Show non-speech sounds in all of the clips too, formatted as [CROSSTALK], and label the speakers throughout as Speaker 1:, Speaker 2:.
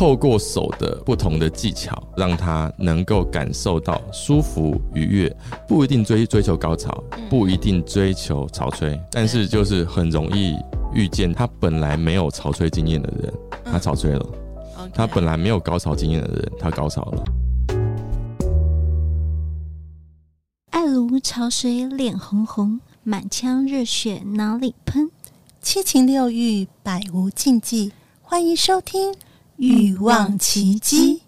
Speaker 1: 透過手的不同的技巧，讓他能夠感受到舒服愉悅，不一定追追求高潮，不一定追求潮吹，但是就是很容易遇見他本來沒有潮吹經驗的人，他潮吹了；他本來沒有高潮經驗的人，他高潮了。
Speaker 2: 愛如潮水，臉紅紅，滿腔熱血腦裡噴，七情六欲百無禁忌。歡迎收聽。慾
Speaker 3: 望琦姬。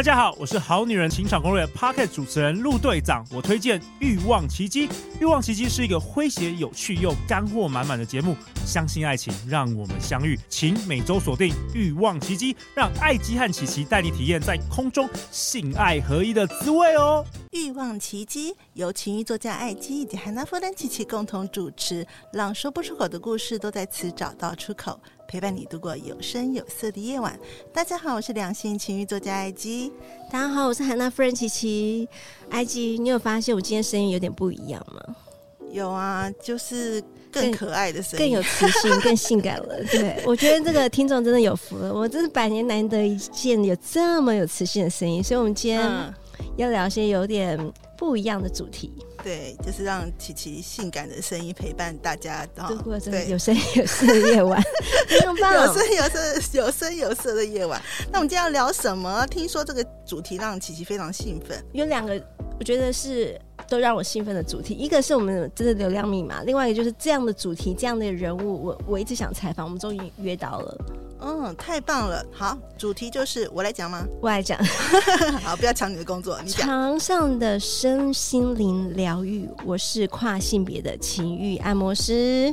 Speaker 3: 大家好，我是好女人情場攻略 Podcast 主持人陸隊長。我推薦欲《慾望琦姬》。《慾望琦姬》是一個詼諧、有趣又
Speaker 2: 乾貨滿滿的節目。相信愛情，讓我們相遇。請每周鎖定《慾望琦姬》，讓艾姬和琦琦帶你體驗在空中性愛合一的滋味哦。慾
Speaker 3: 望琦姬。由情慾作家艾姬以及涵娜夫人琦琦共同主持，讓說不出口的故事都在此找到出口，陪伴你度過有聲有色的夜
Speaker 2: 晚。大家好，我是兩性情慾作家艾姬。大家好，我是涵娜夫人琦琦。艾姬，你有發現我今天聲音有點不一樣嗎？
Speaker 3: 有啊，就是更可愛的聲音更、更有磁
Speaker 2: 性， [LAUGHS] 更性感了。對， [LAUGHS] 我覺得這個聽眾真的有福了，我真是百年難得一見有這麼有磁性的聲音，所以我們今天要聊些有點。不一樣的主題，
Speaker 3: 對，就是讓琪琪性感的聲音陪伴大
Speaker 2: 家，度過這個有聲有色的夜晚，
Speaker 3: 對 [LAUGHS] 很棒，有聲有色，有聲有
Speaker 2: 色的夜晚。那我
Speaker 3: 們今天要聊什麼？聽說這個主題讓琪琪非常興奮，
Speaker 2: 有兩個，我覺得是，都讓我興奮的主題，一個是我們的真的流量密碼，另外一個就是這樣的主題，這樣的人物，我我一直想採訪，我們終於約到了，
Speaker 3: 嗯，太棒了。好，主題就是我來講嗎？
Speaker 2: 我來講。 [LAUGHS] 好，
Speaker 3: 不要搶你的工作，你講。
Speaker 2: 床上的身心靈療癒，我是跨性別的情欲按摩師。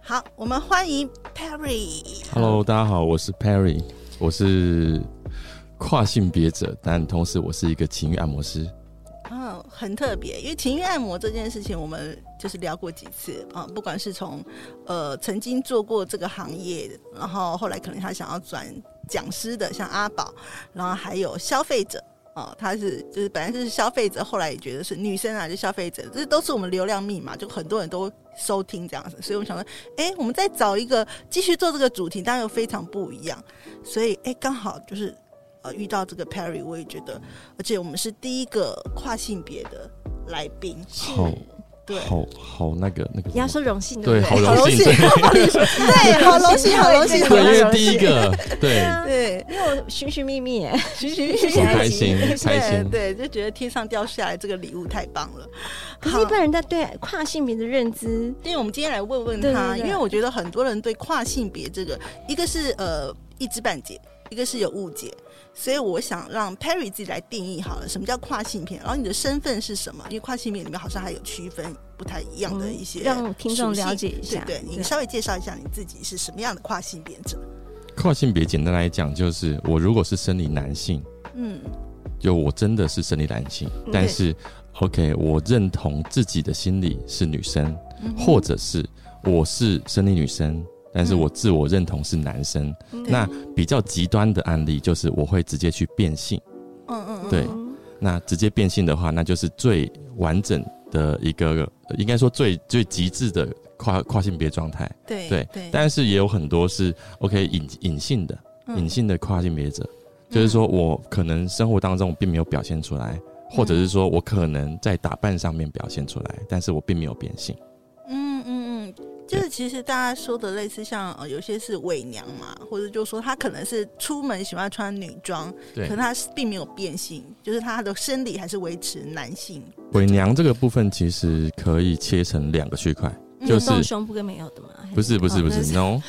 Speaker 2: 好，我們歡迎 Perry。
Speaker 1: Hello，大家好，我是 Perry，我是跨性別者，但同時我是一個情欲按摩師。
Speaker 3: 很特別，因為情欲按摩這件事情，我們就是聊過幾次啊。不管是從呃曾經做過這個行業的，然後後來可能他想要轉講師的，像阿寶，然後還有消費者啊，他是就是本來是消費者，後來也覺得是女生啊，就消費者，這都是我們流量密碼，就很多人都收聽這樣子。所以我們想說，哎，我們再找一個繼續做這個主題，當然又非常不一樣，所以哎，剛好就是。遇到這個 Perry，我也覺得，而且我們是第一個跨性別的來賓，好，對，好
Speaker 1: 好那個那
Speaker 3: 個，你要說榮幸，
Speaker 1: 對，好榮幸，
Speaker 2: 對，好榮幸，好榮幸，對，因為第一個，對，對，因為我尋尋覓覓，尋尋覓覓，開心，開心，對，就覺得天上掉
Speaker 3: 下來這個禮物太棒了。可是，一般人在對跨性別的認知，因為我們今天來
Speaker 2: 問問他，因為我覺
Speaker 3: 得很多人對跨性別這個，一個是呃一知半解，一個是有誤解。所以我想讓 Perry 自己來定義好了，什麼叫跨性別，然後你的身份是什麼？因為跨性別裡面好像還有區分不太一樣的一些、嗯，讓聽眾了解一下。對，對對，你稍微介紹一下你自己是什麼樣的跨性別者。
Speaker 1: 對跨性別簡單來講就是，我如果是生理男性，
Speaker 3: 嗯，
Speaker 1: 就我真的是生理男性，嗯、但是 OK，我認同自己的心理是女生，嗯、哼或者是我是生理女生。但是我自我認同是男生，嗯、那比較極端的案例就是我會直接去變性，嗯
Speaker 2: 嗯對，對，
Speaker 1: 那直接變性的話，那就是最完整的一個，應該說最最極致的跨跨性別狀態，對對對，對，但是也有很多是、嗯、OK 隱隱性的，隱性的跨性別者，嗯、就是說我可能生活當中並沒有表現出來，嗯、或者是說我可能在打扮上面表現出來，但是我並沒有變性。
Speaker 3: 其實大家說的類似像呃，有些是偽娘嘛，或者就是說他可能是出門喜歡穿女裝，對可他並沒有變性，就是他的生理還是維持
Speaker 2: 男性。
Speaker 1: 偽娘這個部分其實可以切成兩個區塊，就是
Speaker 2: 胸部跟沒有的嘛，就是。不是不是不是，不是，no，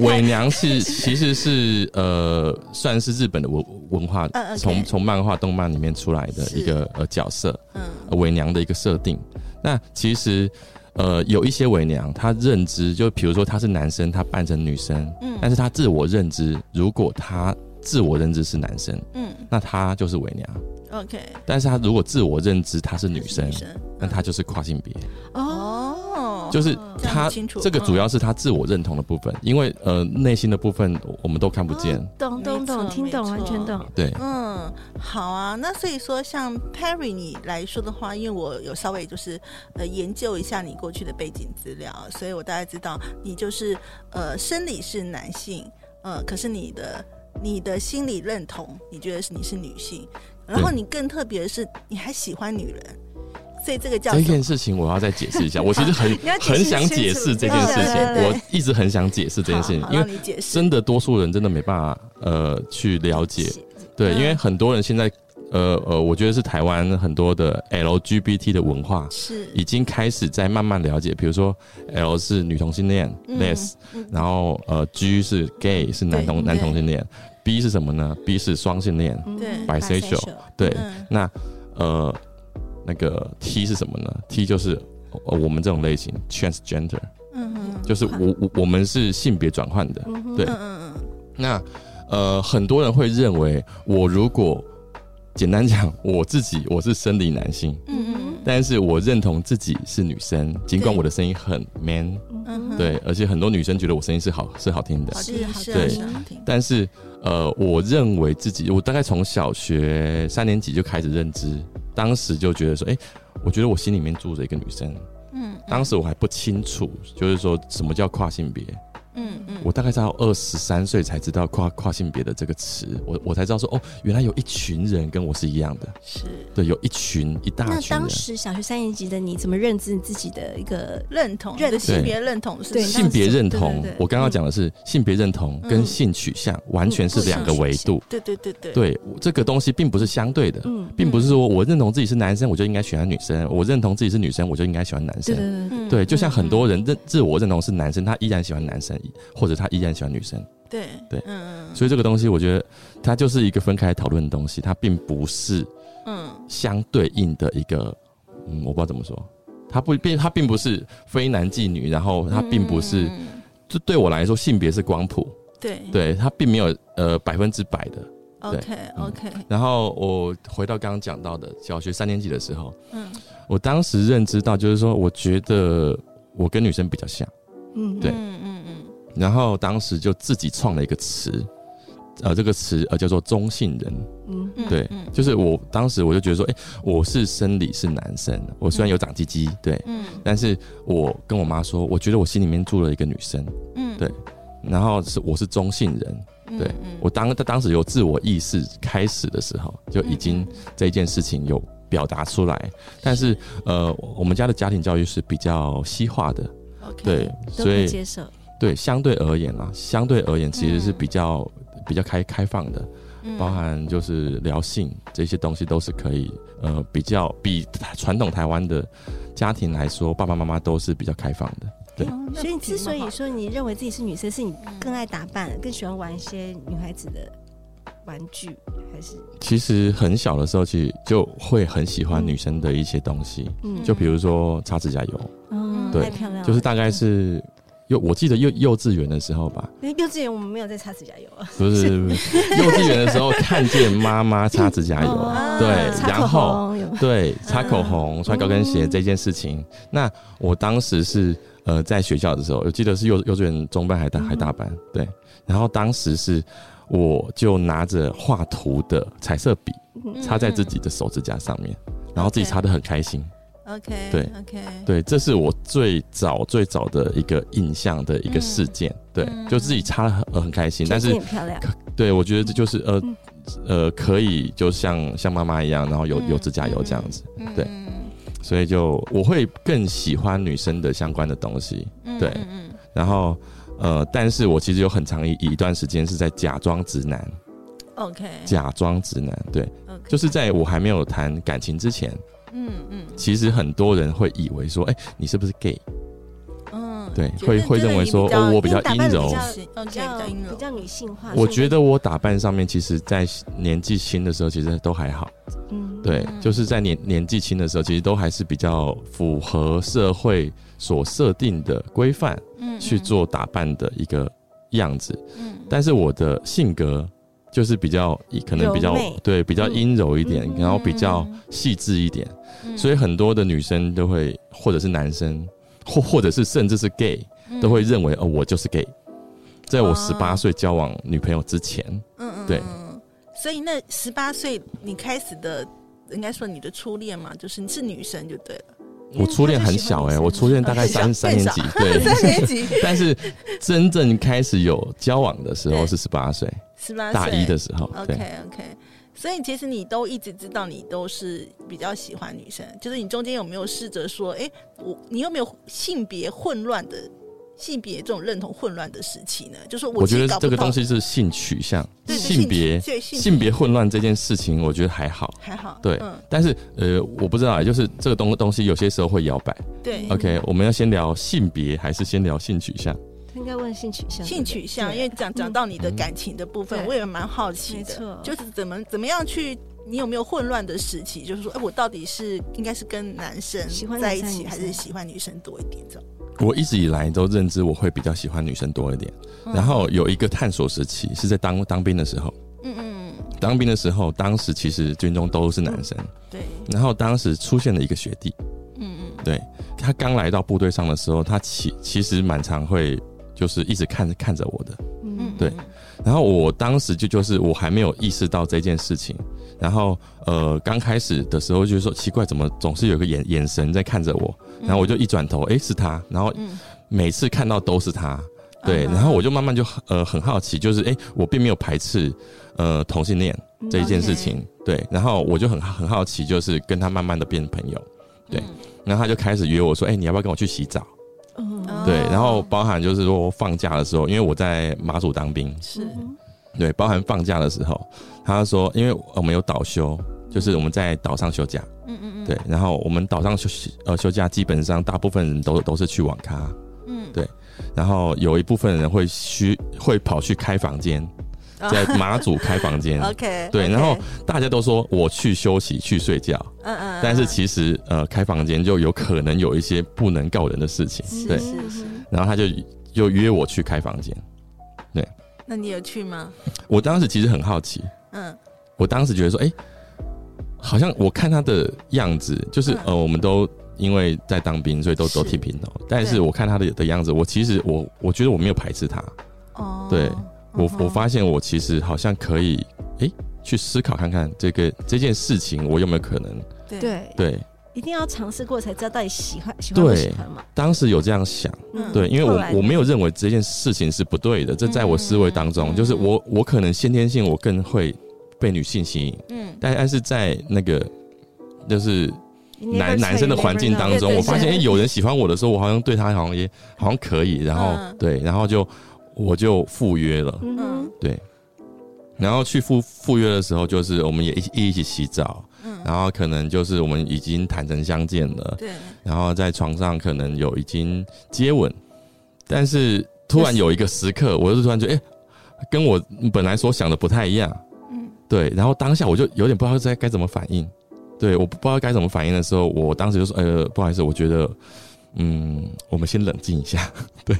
Speaker 2: 偽 [LAUGHS] 娘是 [LAUGHS] 其
Speaker 1: 實是呃，算是日本的文文化，從從，嗯 okay、漫畫動漫裡面出來的一個呃角色，嗯，偽娘的一個設定。那其實。呃，有一些偽娘，她認知就比如說她是男生，她扮成女生，嗯，但是她自我認知，如果她自我認知是男生，嗯，那她就是偽娘，OK。但是她如果自我認知她是女生，那她就是跨性別哦。
Speaker 2: Oh? 就是他，這個主要是他
Speaker 1: 自我認同的部分，嗯、因為呃，內心的部分我們都看不見。
Speaker 3: 嗯、懂懂懂，聽懂，完全懂。對，嗯，好啊。那所以說，像 Perry 你來說的話，因為我有稍微就是呃研究一下你過去的背景資料，所以我大概知道你就是呃生理是男性，呃，可是你的你的心理認同，你覺得是你是女性，然後你更特別的是，對你還喜歡女人。所以這個叫做這件事
Speaker 1: 情，我要再解釋一下。我其實很很想解釋這件事情，我一直很想解釋這件事情，因為真的多數人真的沒辦法呃去了解。對，因為很多人現在呃呃，我覺得是台灣很多的 LGBT 的文化是已經開始在慢慢了解。比如說 L 是女同性戀，Les，然後呃 G 是 Gay 是男同男同性戀，B 是什麼呢？B 是雙性戀，對，Bisexual。對，那呃。那個 T 是什麼呢？T 就是我們這種類型 transgender，嗯哼，就是我我我們是性別轉換的，嗯哼，對，嗯嗯。那呃很多人會認為我如果簡單講我自己我是生理男性，嗯嗯哼，但是我認同自己是女生，儘管我的聲音很 man，對，對，而且很多女生覺得我聲音是好是好聽的，是好聽，但是呃我認為自己我大概從小學三年級就開始認知。當時就覺得說，哎、欸，我覺得我心裡面住着一個女生。嗯，嗯，當時我還不清楚，就是說什麼叫跨性別。嗯嗯，我大概是到二十三歲才知道跨跨性別的這個詞，我我才知道說哦，原來有一群人跟我是一樣的，是對，有一群一大群。那當時
Speaker 2: 小學三年級的你怎麼認知你自己的一個認同，覺得性別認同是？性別認同，我
Speaker 1: 剛剛講的是性別認同跟性取向完全是兩個維度。對對對對，對這個東西並不是相對的，嗯，並不是說我認同自己是男生，我就應該喜歡女生；我認同自己是女生，我就應該喜歡男生。對，就像很多人認自我認同是男生，他依然喜歡男生。或者他依然喜歡女生，
Speaker 3: 對對，嗯嗯。
Speaker 1: 所以這個東西，我覺得它就是一個分開討論的東西，它並不是，
Speaker 3: 嗯，
Speaker 1: 相對應的一個，嗯，我不知道怎麼說，它不，並，它並不是非男即女，然後它並不是，就對我來說，性別是光譜，
Speaker 3: 對對，
Speaker 1: 它並沒有呃百分之百的
Speaker 3: ，OK OK。
Speaker 1: 然後我回到剛剛講到的小學三年級的時候，嗯，我當時認知到，就是說，我覺得我跟女生比較像，
Speaker 2: 嗯，對，嗯。
Speaker 1: 然後當時就自己創了一個詞，呃，這個詞呃叫做中性人，嗯，對，就是我當時我就覺得說，哎，我是生理是男生，我雖然有長雞雞，對，嗯，但是我跟我媽說，我覺得我心裡面住了一個女生，嗯，對，然後是我是中性人，對，我當他當時有自我意識開始的時候，就已經這一件事情有表達出來，但是呃，我們家的家庭教育是比較西化的，對，所以接受。對，相對而言啊，相對而言其實是比較、嗯、比較開開放的，嗯、包含就是聊性這些東西都是可以，呃，比較比傳統台灣的家庭來說，爸爸媽媽都是比較開放的。
Speaker 2: 對，欸、所以你之所以說你認為自己是女生，是你更愛打扮，嗯、更喜歡玩一些女孩子的玩具，還
Speaker 1: 是？其實很小的時候，其實就會很喜歡女生的一些東西，嗯、就比如說擦指甲油，嗯，對，太漂亮，就是大概是。又，我記得幼幼稚園的時候吧。
Speaker 2: 幼稚園我們沒有在擦指甲油啊。不是，不是，幼稚園的時候看見
Speaker 1: 媽媽擦指甲油，對，然後對擦口紅、穿高跟鞋這件事情。那我當時是呃在學校的時候，我記得是幼幼稚園中班還大還大班，對。然後當時是我就拿着畫圖的彩色筆擦在自己的手指甲上面，然後自己擦得很開心。OK，對，OK，對，這是我最早最早的一個印象的一個事件，對，就自己擦得很很開心，但是很漂亮，對，我覺得這就是呃呃可以就像像媽媽一樣，然後有有指甲油這樣子，對，所以就我會更喜歡女生的相關的東西，對，然後呃，但是我其實有很長一一段時間是在假裝直男，OK，假裝直男，對，就是在我還沒有談感情之前。嗯嗯，嗯其實很多人會以為說，哎、欸，你是不是 gay？嗯，
Speaker 2: 對，會會認為說，哦、喔，我比較陰柔比較比較比較，比較女性化。我覺得
Speaker 1: 我打扮上面，其實，在年紀輕的時候，其實都還好。嗯，嗯對，就是在年年紀輕的時候，其實都還是比較符合社會所設定的規範，去做打扮的一個樣子。嗯嗯、但是我的性格就是比較可能比較妹對比較陰柔一點，嗯、然後比較細緻一點。嗯嗯嗯所以很多的女生都會，或者是男生，或或者是甚至是 gay，、嗯、都會認為哦，我就是 gay。在我十八歲交往女朋友之前，嗯
Speaker 3: 嗯，對，嗯，所以那十八歲你開始的，應該說你的初戀嘛，就是你是女生就對了。
Speaker 1: 我初戀很小哎、欸，我初戀大概三、嗯、三年級，對，三年級。但是真正開始有交往的時候是十八歲，十八歲大一的時候，OK
Speaker 3: OK。所以其實你都一直知道，你都是比較喜歡女生。就是你中間有沒有試着說，哎、欸，我你有沒有性別混亂的性別這種認同混亂的時期呢？就是我，我覺得這個東西是
Speaker 1: 性取向、
Speaker 3: 對，性別、性別混
Speaker 1: 亂這件事情，我覺得還好，還好。對，嗯、但是呃，我不知道，就是這個東東西有些時候會搖擺。對，OK、嗯、我們要先聊性別，還是先
Speaker 3: 聊性取向？應該問性取向，性取向，對因為講講、嗯、到你的感情的部分，嗯、我也蠻好奇的，錯就是怎麼怎麼樣去，你有沒有混亂的時期？就是說，哎、欸，我到底是應該是跟男生在一起，女生女生還是喜歡女生多一點？
Speaker 1: 這樣，我一直以來都認知我會比較喜歡女生多一點。嗯、然後有一個探索時期是在當當兵的時候，嗯嗯，當兵的時候，當時其實軍中都是男生，嗯、對，然後當時出現了一個學弟，嗯嗯，對，他剛來到部隊上的時候，他其其實蠻常會。就是一直看着看着我的，嗯，嗯對。然後我當時就就是我還沒有意識到這件事情。然後呃，剛開始的時候就是說奇怪，怎麼總是有個眼眼神在看着我？然後我就一轉頭，誒、嗯嗯欸，是他。然後每次看到都是他，嗯嗯對。然後我就慢慢就呃很好奇，就是誒、欸，我並沒有排斥呃同性戀這一件事情，嗯 okay、對。然後我就很很好奇，就是跟他慢慢的變朋友，對。嗯嗯然後他就開始約我說，誒、欸，你要不要跟我去洗澡？嗯，對，然後包含就是說放假的時候，因為我在馬祖當兵，是，對，包含放假的時候，他說，因為我們有島休，嗯、就是我們在島上休假，嗯嗯嗯，對，然後我們島上休呃休假，基本上大部分人都都是去網咖，嗯，對，然後有一部分人會去會跑去開房間。在馬祖開房間，OK，對，然後大家都說我去休息去睡覺，嗯嗯，但是其實呃，開房間就有可能有一些不能告人的事情，對，是是是。然後他就又約我去開房間，對。
Speaker 3: 那你有去嗎？
Speaker 1: 我當時其實很好奇，
Speaker 2: 嗯，
Speaker 1: 我當時覺得說，哎，好像我看他的樣子，就是呃，我們都因為在當兵，所以都都剃平頭。但是我看他的的樣子，我其實我我覺得我沒有排斥他，哦，對。我我發現我其實好像可以誒、欸，去思考看看這個這件事情，我有沒有可能？對對，
Speaker 2: 一定要嘗試過才知道到底喜歡喜歡不喜歡嘛。
Speaker 1: 當時有這樣想，嗯、對，因為我我沒有認為這件事情是不對的，這在我思維當中，嗯嗯嗯嗯就是我我可能先天性我更會被女性吸引，嗯，但但是在那個就是男男生的環境當中，對對對對我發現，有人喜歡我的時候，我好像對他好像也好像可以，然後、嗯、對，然後就。我就赴約了，嗯哼，對，然後去赴赴約的時候，就是我們也一起一,一,一起洗澡，嗯，然後可能就是我們已經坦誠相見了，對，然後在床上可能有已經接吻，但是突然有一個時刻，是我就突然覺得，哎、欸，跟我本來所想的不太一樣，嗯，對，然後當下我就有點不知道該該怎麼反應，對，我不知道該怎麼反應的時候，我當時就說，呃，不好意思，我覺得，嗯，我們先冷靜一下，對，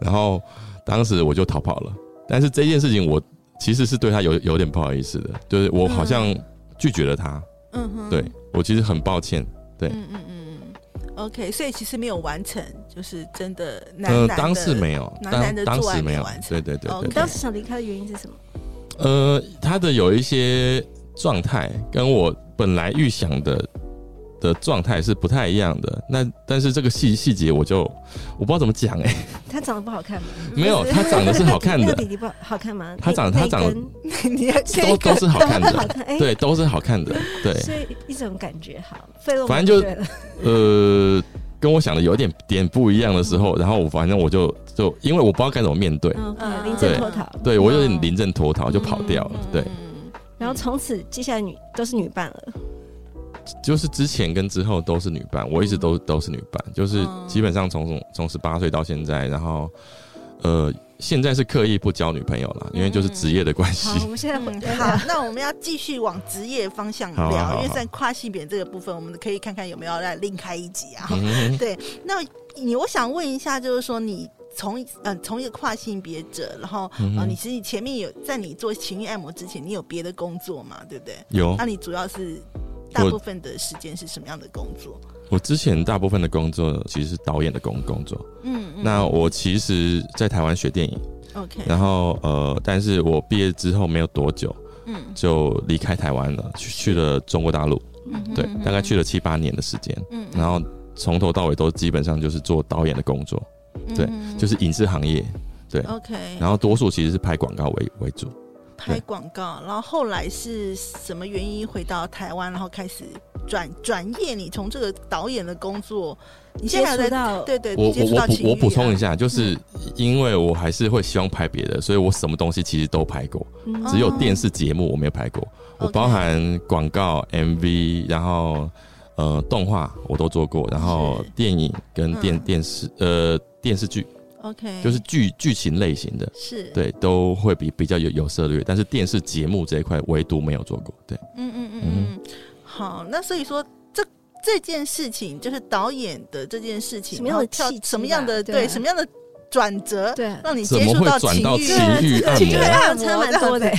Speaker 1: 然後。當時我就逃跑了，但是這件事情我其實是對他有有點不好意思的，就是我好像拒絕了他，嗯
Speaker 3: 哼。對，
Speaker 1: 我其實很抱歉，對，
Speaker 3: 嗯嗯嗯嗯，OK，所以其實沒有完成，就是真的男男的，
Speaker 1: 呃，當時沒有，男男的做沒有沒完成有，對對對，對 Okay。你當
Speaker 2: 時想離開
Speaker 1: 的原因是什麼？呃，他的有一些狀態跟我本來預想的。的狀態是不太一樣的。那但是這個細細節，我就我不知道怎麼講哎、欸。
Speaker 2: 他長得不好看嗎？ [LAUGHS] 沒有，他長得是好看的。弟弟不好看嗎？他長得他長得，那個、都都是好看的。 [LAUGHS] 欸、對，都是好看的。對，所以一,一種感覺好。反正就呃，
Speaker 1: 跟我想的有點點不一樣的時候，然後我反正我就就因為我不知道該怎麼面對，嗯 Okay, 對，臨陣脫逃。Uh. 對，我有點臨陣脫逃就跑掉了。嗯、對，
Speaker 2: 嗯、然後從此接下來女都是女伴了。
Speaker 1: 就是之前跟之後都是女伴，我一直都、嗯、都是女伴，就是基本上從從十八歲到現在，然後呃，現在是刻意不交女朋友了，嗯嗯，因為就是職業的關係。我
Speaker 3: 們現在很 [LAUGHS] 好，那我們要繼續往職業方向聊，因為在跨性別這個部分，我們可以看看有沒有要另開一集啊？嗯、哼對，那你我想問一下，就是說你從呃，從一個跨性別者，然後啊、嗯哼哦，你其實前面有，在你做情欲按摩之前，你有別的工作嘛？對不對？有，那、啊、你主要是？大部分的時間是什麼樣的
Speaker 1: 工作？我，我之前大部分的工作其實是導演的工作。嗯，嗯，嗯，
Speaker 3: 那我
Speaker 1: 其實，在台灣學電影。OK。然後，呃，但是我畢業之後沒有多久，嗯，就離開台灣了，去去了中國大陸。嗯，嗯，嗯，嗯，對，大概去了七八年的時間。嗯，嗯，嗯，然後從頭到尾都基本上就是做導演的工作。嗯嗯嗯對，就是影視行業。對。OK。然後多數其實是拍廣告為為主。
Speaker 3: 拍廣告，然後後來是什麼原因回到台灣，然後開始轉轉業？你從這個導演的工作，你現在才知道對對，我、啊、我我補我補充一
Speaker 1: 下，就是因為我還是會希望拍別的，嗯、所以我什麼東西其實都拍過，只有電視節目我沒有拍過。嗯、我包含廣告、MV，然後呃動畫我都做過，然後電影跟電、嗯、電視呃電視劇。OK，就是劇劇情類型的是對，都會比比較有有涉獵，但是電視節目這一塊唯獨沒有做過，對，嗯嗯
Speaker 3: 嗯嗯，嗯好，那所以說這這件事情就是導演的這件事情，什麼樣然後跳什麼樣的對，對什麼樣的。轉折，讓你接觸到情慾？情慾？情慾按摩，他有差蠻多的。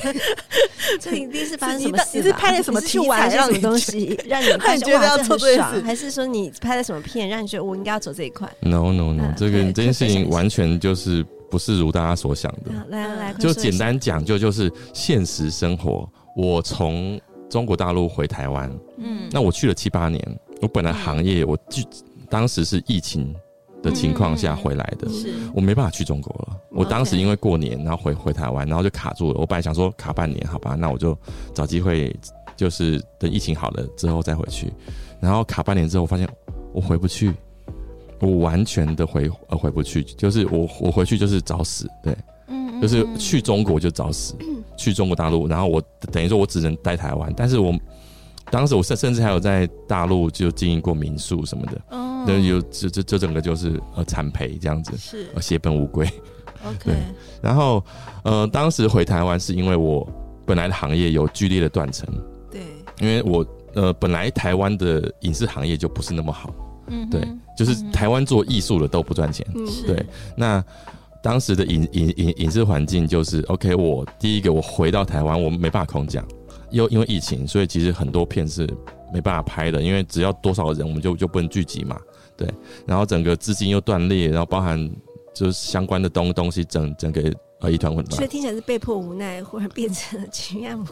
Speaker 3: 這第一次發生什麼？你是拍了什麼去玩，讓東西讓你覺得要做這，
Speaker 2: 還是說你拍了什麼片，讓你覺得我應該要走這一塊
Speaker 1: ？No No No，這個這件事情完全就是不是如大家所想的。
Speaker 2: 來來，就簡單
Speaker 1: 講，就就是現實生活。我從中國大陸回台灣，嗯，那我去了七八年，我本來行業，我就當時是疫情，的情況下回來的，嗯、是我沒辦法去中國了。我當時因為過年，然後回回台灣，然後就卡住了。我本來想說卡半年，好吧，那我就找機會，就是等疫情好了之後再回去。然後卡半年之後，我發現我回不去，我完全的回呃回不去，就是我我回去就是找死，對，嗯、就是去中國就找死，嗯、去中國大陸，然後我等於說我只能待台灣，但是我。當時我甚甚至還有在大陸就經營過民宿什麼的，那有這這這整個就是呃慘賠這樣子，是血本無歸。o Okay. 然後呃，當時回台灣是因為我本來的行業有劇烈的斷層，對，因為我呃本來台灣的影視行業就不是那麼好，mm hmm. 對，就是台灣做藝術的都不賺錢，對。那當時的影影影影視環境就是 OK，我第一個我回到台灣，我沒辦法空降。又因為疫情，所以其實很多片是沒辦法拍的，因為只要多少人，我們就就不能聚集嘛，對。然後整個資金又斷裂，然後包含就是相關的東東西，整整個。啊，一團混亂。所以聽
Speaker 2: 起來是被迫無奈，忽然變成了情慾按摩，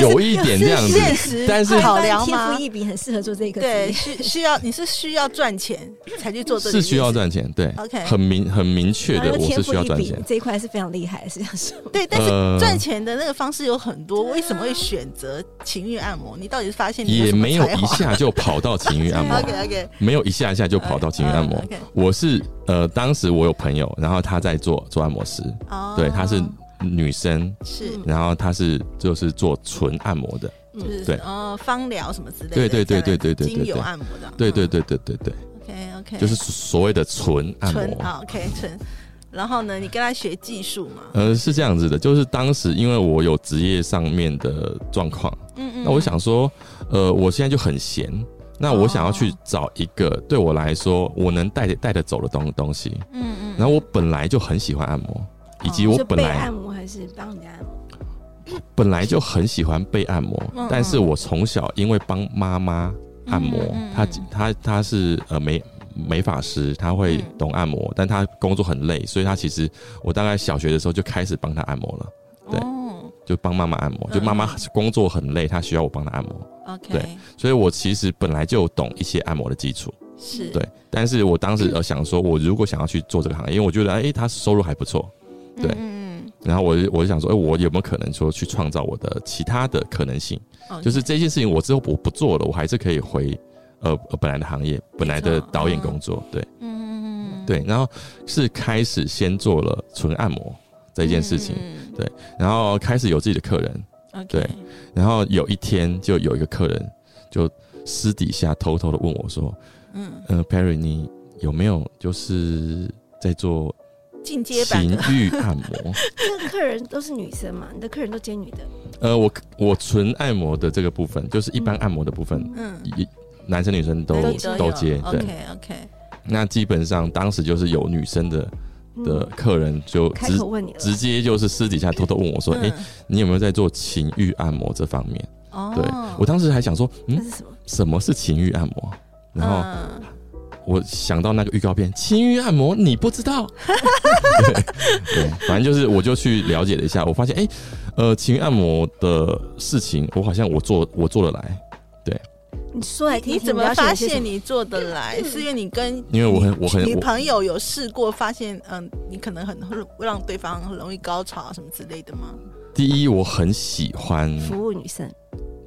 Speaker 2: 有一點這樣現實。但是天賦異稟，很適合做
Speaker 3: 這個，對，需需要，你是需要賺錢才去做這個？是需要賺錢，對。OK，很明
Speaker 1: 很明確的，我是需要賺錢
Speaker 3: 這一塊是非常厲害，是這樣說，對，但是賺錢的那個方式有很多，我為什麼會選擇情慾按摩？你到底是發現，也沒有一下就跑到情慾按摩，
Speaker 1: 沒有一下一下就跑到情慾按摩，我是。呃，當時我有朋友，然後他在做做按摩師，哦、對，他是女生，是，然後他是就是做純按摩的，就是對，哦，
Speaker 3: 芳療什麼之類的，對對對對對對，精油按摩的，對對對
Speaker 1: 對，對對對對對對。嗯、OK OK，就是所謂的純按摩純、哦、OK，
Speaker 3: 純。然後呢，你跟他學技術
Speaker 1: 嘛？呃，是這樣子的，就是當時因為我有職業上面的狀況，嗯嗯，那我想說，呃，我現在就很閒。那我想要去找一個對我來說、oh. 我能帶帶得走的東東西。嗯嗯。然後我本來就很喜歡按摩，oh. 以及我本來按
Speaker 2: 摩還是幫人家按摩。
Speaker 1: 本來就很喜歡被按摩，嗯嗯，但是我從小因為幫媽媽按摩，她她她是呃美美髮師，她會懂按摩，嗯、但她工作很累，所以她其實我大概小學的時候就開始幫她按摩了。對。Oh. 就幫媽媽按摩，嗯、就媽媽工作很累，她需要我幫她按摩。
Speaker 2: OK，對，
Speaker 1: 所以我其實本來就懂一些按摩的基礎，
Speaker 2: 是，對。
Speaker 1: 但是我當時、嗯、呃想說，我如果想要去做這個行業，因為我覺得哎，她、欸、收入還不錯，對。嗯嗯，然後我就我就想說，哎、欸，我有沒有可能說去創造我的其他的可能性？Okay. 就是這件事情，我之後我不做了，我還是可以回呃呃本來的行業，沒錯。本來的導演工作。嗯、對，嗯嗯嗯。對，然後是開始先做了純按摩。這件事情，嗯、對，然後開始有自己的客人，Okay. 對，然後有一天就有一個客人就私底下偷偷的問我說：“嗯，呃，Perry，你有沒有就是在做進階版情欲按摩？
Speaker 2: [LAUGHS] 那個客人都是女生嘛？你的客人都接女的？
Speaker 1: 呃，我我純按摩的這個部分就是一般按摩的部分，嗯，男生女生都、嗯、都，都，都接，對，OK OK。那基本上當時就是有女生的。”的客人就直接就是私底下偷偷問我說：“哎、嗯欸，你有沒有在做情欲按摩這方面？”哦，對我當時還想說，嗯，是什麼？什麼是情欲按摩？然後、嗯、我想到那個預告片，“情欲按摩”，你不知道，哈， [LAUGHS] 對，反正就是我就去了解了一下，我發現哎、欸，呃，情欲按摩的事情，我好像我做我做得來，對。
Speaker 2: 你說來聽聽，你怎麼發現
Speaker 3: 你做得來？嗯、是因為你跟因為我很我很我你朋友有試過發現，嗯，你可能很會讓對方容易高潮什麼之類的嗎？
Speaker 1: 第一，我很喜歡服務女生，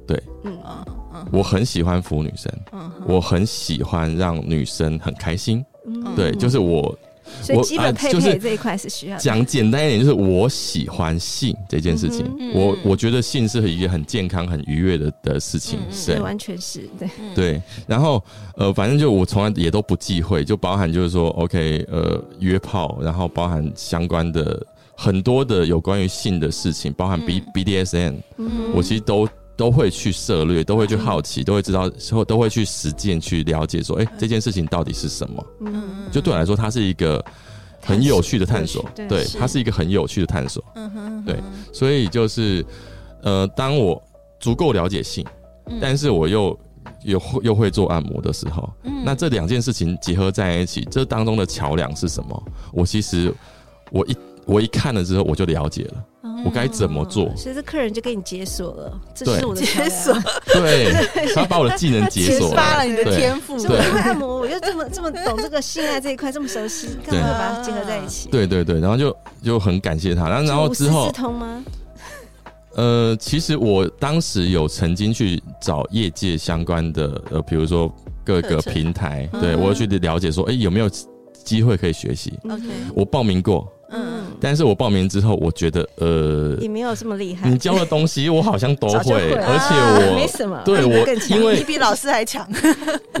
Speaker 1: 對、
Speaker 2: 嗯哼，嗯嗯嗯，我很
Speaker 1: 喜歡服務女生，嗯，我很喜歡讓女生很開心，嗯、哼對，就是我。嗯所以基本配配這一塊是需要講、啊就是、簡單一點，就是我喜歡性這件事情、嗯，嗯、我我覺得性是一個很健康、很愉悅的的事情，嗯、是完
Speaker 2: 全是對對。
Speaker 1: 然後呃，反正就我從來也都不忌諱，就包含就是說，OK，呃，約炮，然後包含相關的很多的有關於性的事情，包含 B、BDSM，嗯，我其實都。都會去涉獵，都會去好奇，嗯、都會知道，都會去實踐去了解，說，哎、嗯，這件事情到底是什麼？嗯，嗯，嗯，就對我來說，它是一個很有趣的探索。對，它是一個很有趣的探索。嗯哼哼，對，所以就是，呃，當我足夠了解性，嗯、但是我又又又會做按摩的時候，嗯、那這兩件事情結合在一起，這當中的橋樑是什麼？我其實，我一我一看了之後，我就了解了。我該怎麼做？所
Speaker 2: 以這客人就給你解鎖了，這是我的解鎖。對，他把我的技能解鎖了，你的天賦。對，我，我又這麼這麼懂這個性愛這一塊，這麼熟悉，幹嘛把它結合在一起？
Speaker 1: 對對對，然後就就很感謝他。然後之後，呃，其實我當時有曾經去找業界相關的，呃，比如說各個平台，對，我有去了解說哎，有沒有機會可以學習？OK，我報名過。嗯，但是我報名之後，我覺得呃，你
Speaker 2: 沒有這麼厲害。你教
Speaker 1: 的東西我好像都會，而且我沒什麼，對我因為你比
Speaker 3: 老師還強。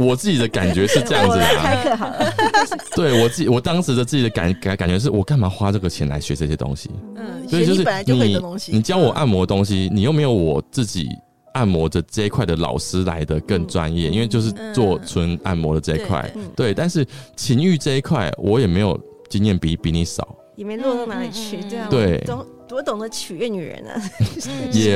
Speaker 1: 我自己的感覺是這樣子的。對我自己，我當時的自己的感感感覺是我幹嘛花這個錢來學這些東西？嗯，
Speaker 2: 所以就是你
Speaker 1: 你教我按摩的東西，你又沒有我自己按摩的這一塊的老師來的更專業，因為就是做純按摩的這一塊，對。但是情慾這一塊，我也沒有經驗比比你少。
Speaker 2: 也沒落到哪裡去，嗯嗯嗯嗯、對，對懂我懂，懂得取悅女人呢、啊，嗯、是也，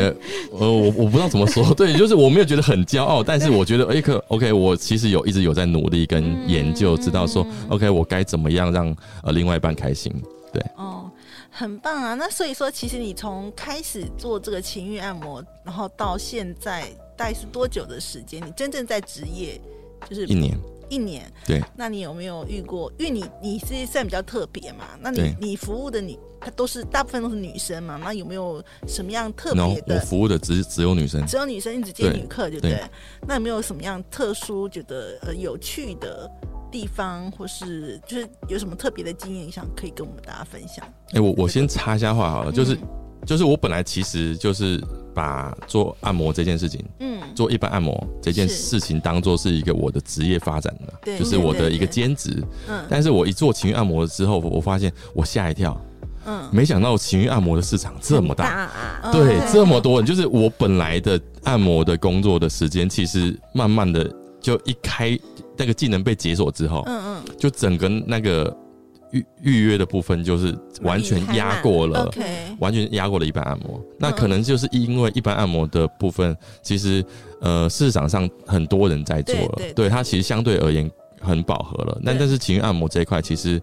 Speaker 1: 呃，我我不知道怎麼說， [LAUGHS] 對，就是我沒有覺得很驕傲，但是我覺得，哎對、欸，可 OK，我其實有一直有在努力跟研究，知道說、嗯嗯、，OK，我該怎麼樣讓呃另外一半開心，
Speaker 3: 對，哦，很棒啊，那所以說，其實你從開始做這個情欲按摩，然後到現在，大概是多久的時間？你真正在職業就是一年。一年，對，那你有沒有遇過？因為你你是算比較特別嘛，那你對你服務的你，她都是大部分都是女生嘛，那有沒有什麼樣特別的？No, 我服
Speaker 1: 務的只只有女生，只有女生一直接女客，對，對不對？對，
Speaker 3: 那有沒有什麼樣特殊覺得呃有趣的地方，或是就是有什麼特別的經驗想可以跟我們大家分享？
Speaker 1: 哎、欸，我我先插一下話好了，嗯、就是就是我本來其實就是。把做按摩這件事情，嗯，做一般按摩這件事情當做是一個我的職業發展的，是就是我的一個兼職。嗯，但是我一做情慾按摩之後，我發現我嚇一跳，嗯，沒想到情慾按摩的市場這麼大，嗯、對，嗯、這麼多人，就是我本來的按摩的工作的時間，其實慢慢的就一開那個技能被解鎖之後，嗯嗯，就整個那個。預預約的部分就是完全壓過了，OK、完全壓過了一般按摩。嗯、那可能就是因為一般按摩的部分，其實呃，市場上很多人在做了，對，對，對，對它其實相對而言很飽和了。那對但，但是情慾按摩這一塊，其實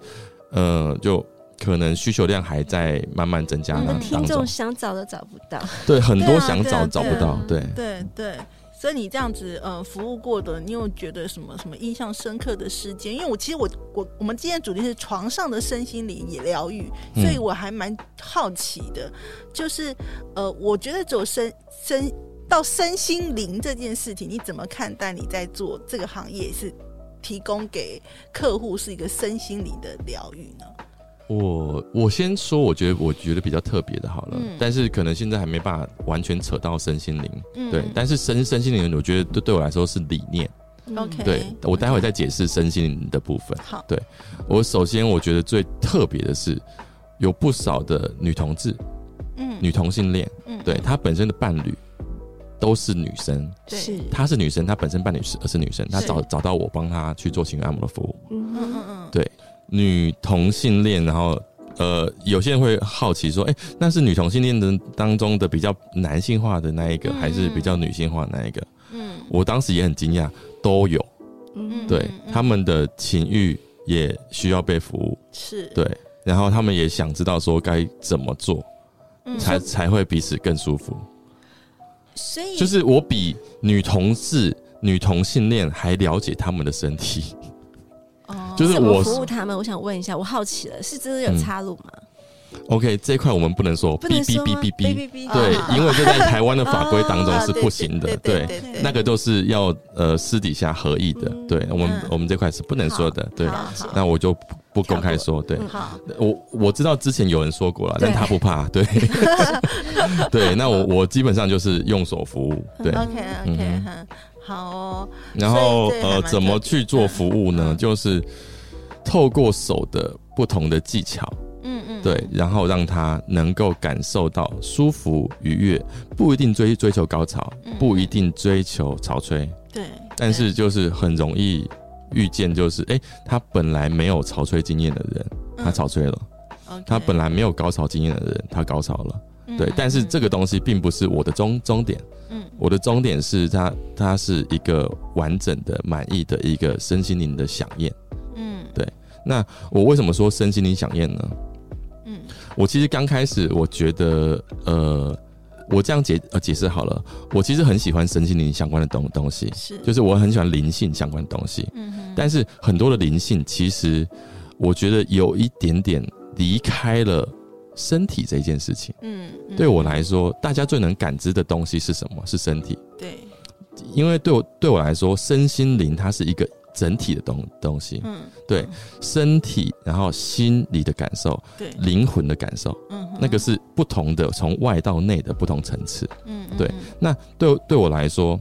Speaker 1: 呃就可能需求量還在慢慢增加呢。聽眾
Speaker 2: 想找都找不到，
Speaker 3: 對，很多想找找不到，對對對。所以你這樣子，呃，服務過的，你又覺得什麼什麼印象深刻的事件？因為我其實我我我們今天主題是床上的身心靈療癒，所以我還蠻好奇的，嗯、就是呃，我覺得走身身到身心靈這件事情，你怎麼看待？你在做這個行業是提供給客戶是一個身心靈的療癒呢？
Speaker 1: 我我先說，我覺得我覺得比較特別的，好了，但是可能現在還沒辦法完全扯到身心靈，對，但是身身心靈，我覺得對對我來說是理念
Speaker 3: ，OK，對我
Speaker 1: 待會再解釋身心靈的部分。好，對我首先我覺得最特別的是，有不少的女同志，嗯，女同性戀，嗯，對她本身的伴侶都是女生，是，她是女生，她本身伴侶是是女生，她找找到我幫她去做情慾按摩的服務，嗯嗯
Speaker 2: 嗯，
Speaker 1: 對。女同性戀，然後，呃，有些人會好奇說，哎、欸，那是女同性戀的當中的比較男性化的那一個，嗯、還是比較女性化的那一個？嗯，我當時也很驚訝，都有，嗯，對，嗯嗯，他們的情慾也需要被服務，是，對，然後他們也想知道說該怎麼做，嗯、才才會彼此更舒服，
Speaker 2: 所以就是
Speaker 1: 我比女同志、女同性戀還了解他們的身體。就是我服務
Speaker 2: 他們，我想問一下，我好奇了，是真的有插入嗎
Speaker 1: ？OK，這一塊我們不能說，嗶嗶嗶，對，因為這在台灣的法規當中是不行的，對，那個都是要呃私底下合意的，對，我們我們這塊是不能說的，對，那我就不公開說，對，我我知道之前有人說過了，但他不怕，對，對，那我我基本上就是用手服務，對，OK OK 哈。
Speaker 3: 好哦，然後呃，怎麼去做服
Speaker 1: 務呢？就是透過手的不同的技巧，嗯嗯，
Speaker 3: 嗯對，
Speaker 1: 然後讓他能夠感受到舒服愉悅，不一定追追求高潮，嗯、不一定追求潮吹，嗯、對，對但是就是很容易遇見，就是哎，他本來沒有潮吹經驗的人，他潮吹了；嗯 okay、他本來沒有高潮經驗的人，他高潮了。對，但是這個東西並不是我的終終點，嗯，我的終點是它，它是一個完整的、滿意的一個身心靈的饗宴，嗯，對。那我為什麼說身心靈饗宴呢？嗯，我其實剛開始我覺得，呃，我這樣解呃解釋好了，我其實很喜歡身心靈相關的東東西，是，就是我很喜歡靈性相關的東西，嗯嗯哼，但是很多的靈性其實我覺得有一點點離開了。身體這一件事情，嗯，嗯對我來說，大家最能感知的東西是什麼？是身體。
Speaker 3: 對，
Speaker 1: 對因為對我對我來說，身心靈它是一個整體的東東西嗯。嗯，對，身體，然後心理的感受，對，靈魂的感受，嗯，嗯那個是不同的，從外到內的不同層次嗯。嗯，對。那對對我來說，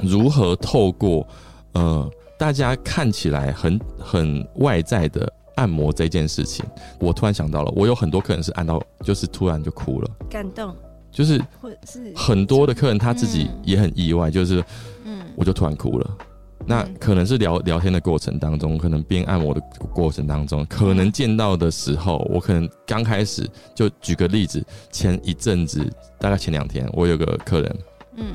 Speaker 1: 如何透過、嗯、呃，大家看起來很很外在的。按摩這件事情，我突然想到了，我有很多客人是按到，就是突然就哭了，感動，就是或是很多的客人他自己也很意外，嗯、就是，嗯，我就突然哭了。嗯、那可能是聊聊天的過程當中，可能邊按摩的過程當中，可能見到的時候，我可能剛開始，就舉個例子，前一陣子大概前兩天，我有個客人，嗯，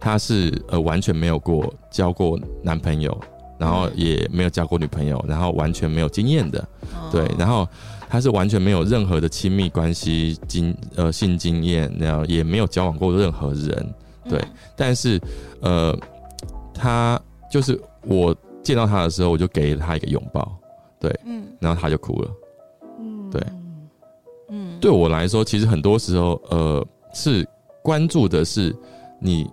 Speaker 1: 他是呃完全沒有過交過男朋友，然後也沒有交過女朋友，然後完全沒有經驗的，oh. 對，然後他是完全沒有任何的親密關係經呃性經驗，然後也沒有交往過任何人，Okay. 對，但是呃，他就是我見到他的時候，我就給了他一個擁抱，對，嗯、然後他就哭了，嗯、對，嗯、對我來說，其實很多時候呃是關注的是你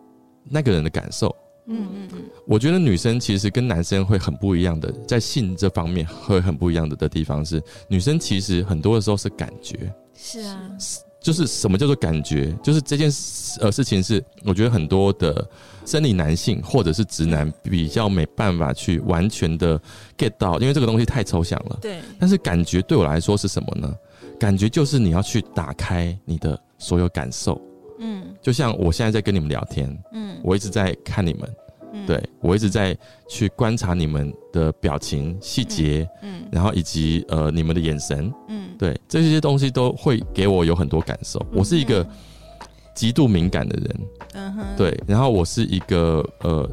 Speaker 1: 那個人的感受。嗯嗯嗯，我覺得女生其實跟男生會很不一樣的，在性這方面會很不一樣的的地方是，女生其實很多的時候是感覺，
Speaker 2: 是啊
Speaker 1: 是，就是什麼叫做感覺，就是這件事呃事情是，我覺得很多的生理男性或者是直男比較沒辦法去完全的 get 到，因為這個東西太抽象了。對。但是感覺對我來說是什麼呢？感覺就是你要去打開你的所有感受。嗯，就像我現在在跟你們聊天，嗯，我一直在看你們，嗯、對，我一直在去觀察你們的表情細節，嗯，嗯，然後以及呃你們的眼神，嗯，對，這些東西都會給我有很多感受。我是一個極度敏感的人，嗯哼對，然後我是一個呃，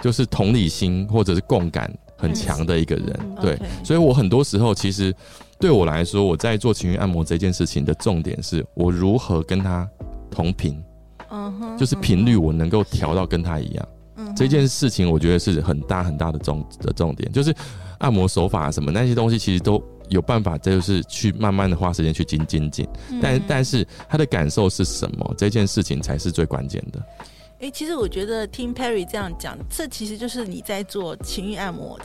Speaker 1: 就是同理心或者是共感很強的一個人，嗯、對，嗯、okay, okay. 所以我很多時候其實對我來說，我在做情慾按摩這件事情的重點是我如何跟他。同頻，嗯哼、uh，huh, uh huh. 就是頻率我能夠調到跟他一樣，嗯、uh，huh. 這件事情我覺得是很大很大的重的重點，uh huh. 就是按摩手法什麼那些東西其實都有辦法，就是去慢慢的花時間去精精進，uh huh. 但但是他的感受是什麼這件事情才是最關鍵的。
Speaker 3: 哎、欸，其實我覺得聽 Perry 這樣講，這其實就是你在做情欲按摩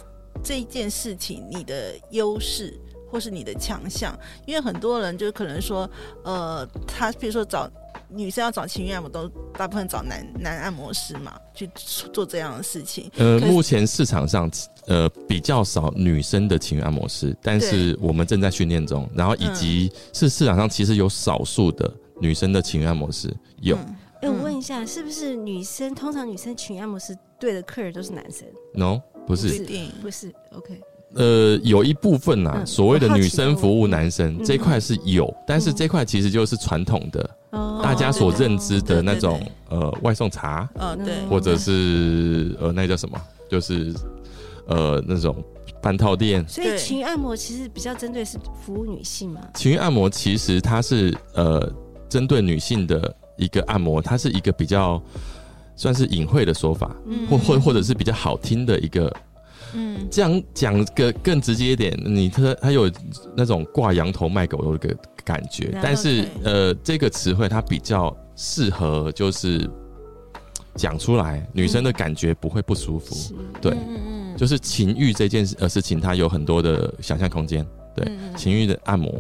Speaker 3: 這一件事情你的優勢或是你的強項，因為很多人就可能說，呃，他比如說找。女生要找情慾按摩，都大部分找男男按摩師嘛，去做這樣的事情。呃，是目前
Speaker 1: 市場上呃比較少女生的情慾按摩師，但是我們正在訓練中。對然後以及是市場上其實有少數的女生的情慾按摩師有。
Speaker 2: 哎、嗯欸，我問一下，是不是女生通常女生情慾按摩師對的客人都是男生？No，不是，不是 OK。
Speaker 1: 呃，有一部分吶、啊，嗯，所謂的女生服務男生，哦，這塊是有，但是這塊其實就是傳統的。
Speaker 2: Oh, 大家所認
Speaker 1: 知的那種對對對，呃外送茶，
Speaker 2: 呃，oh, 對，或者
Speaker 1: 是 Okay. 呃那叫什麼，就是呃 Okay. 那種半套店。所以
Speaker 2: 情欲按摩其實比較針對是服務女性嘛？
Speaker 1: 情欲按摩其實它是呃針對女性的一個按摩，它是一個比較算是隱晦的說法，mm hmm. 或或或者是比較好聽的一個。嗯、mm，hmm. 這樣講個更直接一點，你特它，它有那種掛羊頭賣狗肉的個感覺，但是 Okay. 呃，這個詞彙它比較適合，就是講出來，女生的感覺不會不舒服。嗯、對，嗯嗯就是情慾這件事呃事情，它有很多的想象空間。對，嗯嗯情慾的按摩，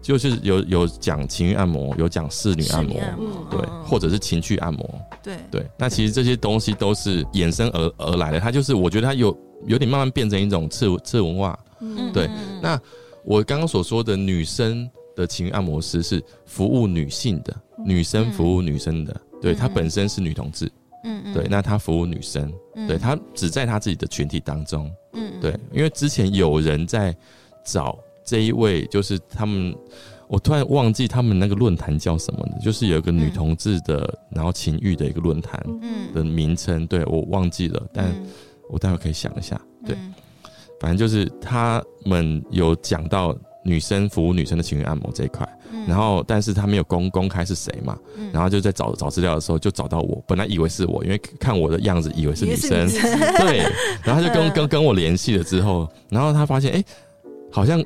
Speaker 1: 就是有有講情慾按摩，有講侍女按摩，按摩對，或者是情趣按摩。對對，對對那其實這些東西都是衍生而而來的，它就是我覺得它有有點慢慢變成一種次次文化。嗯嗯對。那我剛剛所說的女生。的情欲按摩師是服務女性的，女生服務女生的，嗯、對、嗯、她本身是女同志，嗯，嗯對，那她服務女生，嗯、對她只在她自己的群體當中，嗯，對，因為之前有人在找這一位，就是他們，我突然忘記他們那個論壇叫什麼了，就是有一個女同志的，嗯、然後情欲的一個論壇，嗯，的名稱，對我忘記了，但我待會可以想一下，對，嗯、反正就是他們有講到。女生服務女生的情慾按摩這一塊，嗯、然後但是他沒有公公開是誰嘛，嗯、然後就在找找資料的時候就找到我，本來以為是我，因為看我的樣子以為是女生，女生 [LAUGHS] 對，然後他就跟跟 [LAUGHS] 跟我聯繫了之後，然後他發現哎，好像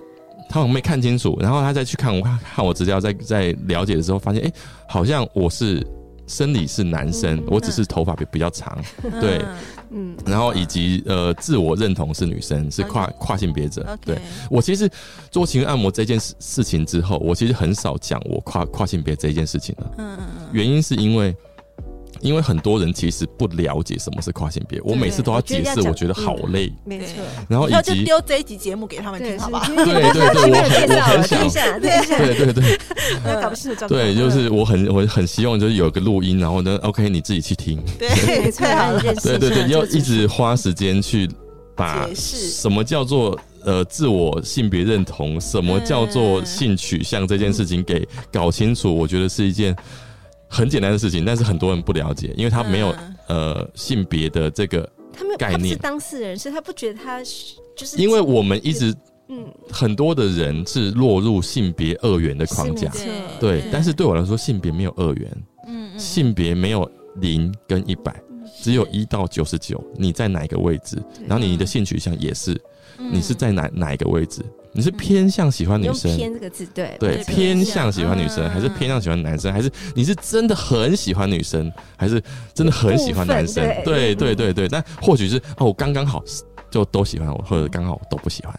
Speaker 1: 他好像沒看清楚，然後他再去看我，看我資料，在在了解的時候發現哎，好像我是。生理是男生，嗯嗯、我只是頭髮比比較長，嗯、對，嗯，然後以及、嗯、呃，自我認同是女生，是跨 Okay. 跨性別者，對 Okay. 我其實做情慾按摩這件事事情之後，我其實很少講我跨跨性別這件事情了、啊，嗯嗯，原因是因為。因為很多人其實不了解什麼是跨性別，我每次都要解釋，我覺得好累。沒錯。然後以及丟
Speaker 3: 這一集節目給他們聽，好吧？對對對，我很，我很想對對對對對，就
Speaker 1: 是我很我很希望就是有個錄音，然後呢，OK，你自己去聽。
Speaker 3: 對，太好了。對對對，要一
Speaker 1: 直花時間去把解釋。什麼叫做呃自我性別認同，什麼叫做性取向這件事情給搞清楚，我覺得是一件。很簡單的事情，但是很多人不了解，因為他沒有呃性別的這個概念，他是
Speaker 2: 當事人，所以他不覺得他是就是，因為我
Speaker 1: 們一直嗯很多的人是落入性別二元的框架，對，但是對我來說性別沒有二元，嗯性別沒有零跟一百，只有一到九十九，你在哪一個位置，然後你的性取向也是你是在哪哪一個位置？你是偏向喜歡女生？嗯、
Speaker 2: 用偏這個字，對，對，不是偏向，偏向
Speaker 1: 喜歡女生，嗯、還是偏向喜歡男生，還是你是真的很喜歡女生，還是真的很喜歡男生？對對對對，但、嗯、或許是哦，我剛剛好就都喜歡，我或者剛好我都不喜歡。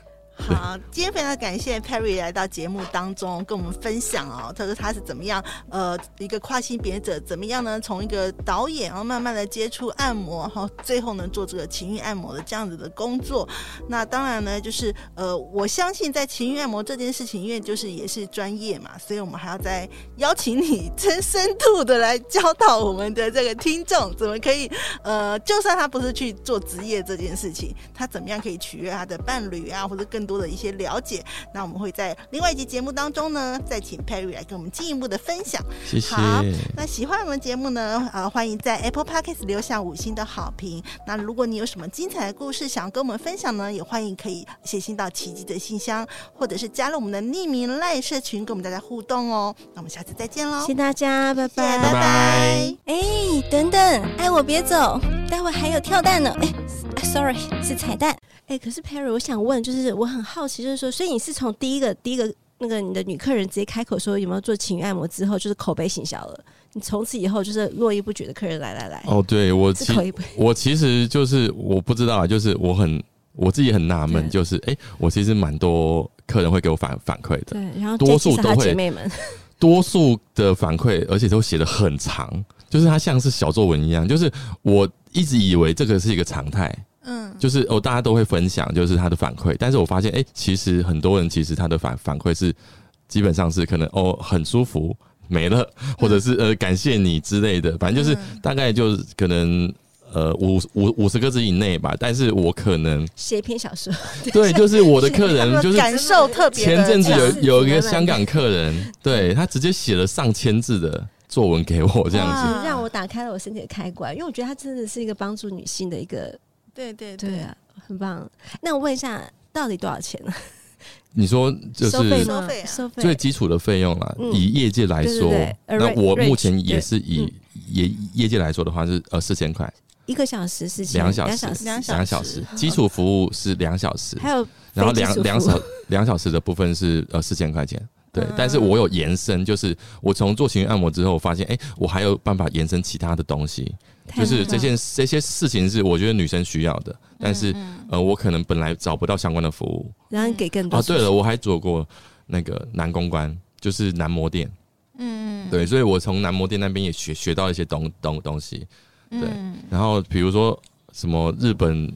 Speaker 3: 好，今天非常感謝 Perry 來到節目當中跟我們分享哦，他說他是怎麼樣，呃，一個跨性別者怎麼樣呢？從一個導演，然後慢慢的接觸按摩，然後最後呢做這個情慾按摩的這樣子的工作。那當然呢，就是呃，我相信在情慾按摩這件事情，因為就是也是專業嘛，所以我們還要再邀請你真深度的來教導我們的這個聽眾，怎麼可以呃，就算他不是去做職業這件事情，他怎麼樣可以取悅他的伴侶啊，或者更。多的一些了解，那我們會在另外一集節目當中呢，再請 Perry 來跟我們進一步的分享。謝謝。好，那喜歡我們節目呢，啊、呃，歡迎在 Apple Podcast 留下五星的好評。那如果你有什麼精彩的故事想要跟我們分享呢，也歡迎可以寫信到琦姬的信箱，或者是加入我們的匿名
Speaker 2: 賴社群，跟我們大家互動哦。那我們下次再見嘍，謝謝大家，拜拜拜拜。哎，等等，愛我別走，待會還有跳蛋呢。哎、啊，sorry，是彩蛋。哎、欸，可是佩 y 我想問，就是我很好奇，就是說，所以你是從第一個第一個那個你的女客人直接開口說有沒有做情侶按摩之後，就是口碑行小了，你從此以後就是絡繹不絕的客人來來來。
Speaker 1: 哦，對，對我其我其實就是我不知道、啊，就是我很我自己很納悶，就是哎對、欸，我其實蠻多客人會給我反反饋的，對，
Speaker 2: 然後多數都會
Speaker 1: 多數的反饋，而且都寫的很長， [LAUGHS] 就是它像是小作文一樣，就是我一直以為這個是一個常態。嗯，就是哦，大家都會分享，就是他的反饋。但是我發現，哎、欸，其實很多人其實他的反反饋是基本上是可能哦，很舒服，沒了，或者是、嗯、呃感謝你之類的，反正就是大概就是可能呃五五五十個字以內吧。但是我可能
Speaker 2: 寫一篇小說，對，就是我的客人就是感受特別。前陣子有有一個香港
Speaker 1: 客人，對，他直接寫了上千字的作文給我，這樣子、
Speaker 2: 嗯、讓我打開了我身體的開關，因為我覺得他真的是一個幫助女性的一個。對對對,對啊，很棒！那我問一下，到底多少錢呢？
Speaker 1: 你說就是收費，
Speaker 2: 收費最基
Speaker 1: 礎的費用了。嗯、以業界來說，那我目前也是以業對業界來說的話是呃四千塊，
Speaker 2: 一個小時四千，兩小時兩小時，基礎
Speaker 1: 服務是兩小時，還有然後兩兩小兩小時的部分是呃四千塊錢。對，嗯、但是我有延伸，就是我從做情慾按摩之後，我發現哎、欸，我還有辦法延伸其他的東西。 [MUSIC] 就是這件這些事情是我覺得女生需要的，嗯嗯但是，呃，我可能本來找不到相關的服務，
Speaker 2: 然後給更多啊。對了，我
Speaker 1: 還做過那個男公關，就是男模店，嗯，
Speaker 2: 對，
Speaker 1: 所以我從男模店那邊也學學到一些東東東西，
Speaker 2: 對。嗯、
Speaker 1: 然後比如說什麼日本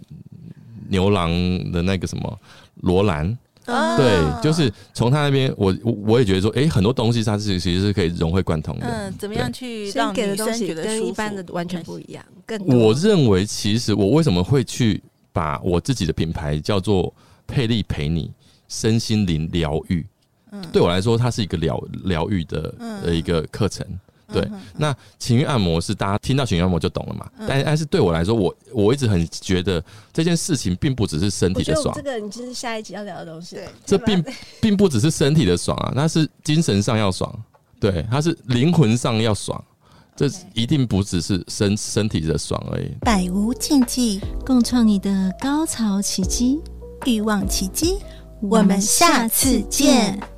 Speaker 1: 牛郎的那個什麼羅蘭。哦、對，就是從他那邊，我我我也覺得說，哎、欸，很多東西他是其實是可以融會貫通的。
Speaker 2: 嗯，怎麼樣去讓女生覺得舒服的東西跟一般的完全不一樣。更我
Speaker 1: 認為，其實我為什麼會去把我自己的品牌叫做“沛莉陪妮身心靈療癒”，嗯、對我來說，它是一個療療癒的的一個課程。嗯對，嗯、哼哼，那情慾按摩是大家聽到情慾按摩就懂了嘛？但、嗯、但是對我來說，我我一直很覺得這件事情並不只是身體的爽。
Speaker 2: 這個你就是下一集要聊的東西。這並
Speaker 1: 並不只是身體的爽啊，那是精神上要爽，對，它是靈魂上要爽，嗯、這一定不只是身身體的爽而已。
Speaker 2: 百無禁忌，共創你的高潮奇蹟、慾望奇蹟。我們下次見。